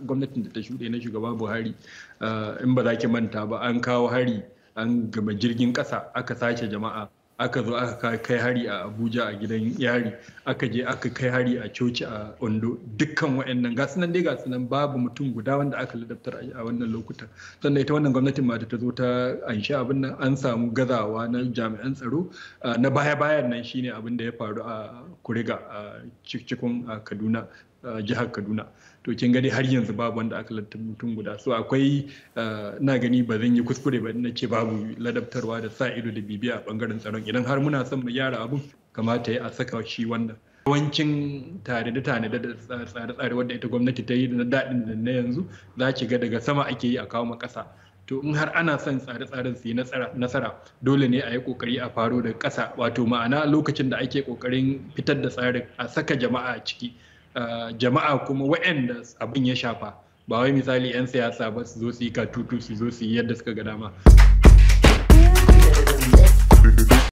gwamnatin da ta shuɗe na shugaba buhari eh, in ba za ki manta ba an kawo hari an gama jirgin ƙasa aka sace jama'a aka zo aka kai hari a abuja a gidan yari aka je aka kai hari a coci a ondo dukkan wa'annan Ga nan dai gasu nan babu mutum guda wanda aka ladabtar a wannan lokuta sannan ita wannan gwamnatin ma ta zo ta anshi abin nan an samu gazawa na jami'an tsaro eh, na baya bayan nan shine abin da ya faru a kuriga a cikin kaduna jihar kaduna to kin gani har yanzu babu wanda aka lantar mutum guda so akwai na gani ba zan yi kuskure ba na ce babu ladabtarwa da sa ido da bibiya a bangaren tsaron idan har muna son mu gyara abun kamata ya a saka shi wannan yawancin tare da tare da tsare-tsare wadda ita gwamnati ta yi da daɗin da na yanzu za ki ga daga sama ake yi a kawo ma ƙasa to in har ana son tsare-tsaren su yi nasara dole ne a yi kokari a faro da ƙasa wato ma'ana lokacin da ake kokarin fitar da tsarin a saka jama'a a ciki Eh, jama'a kuma waɗanda abin ya shafa ba wai misali 'yan siyasa ba su zo su yi katutu su zo su yi yadda suka ga dama.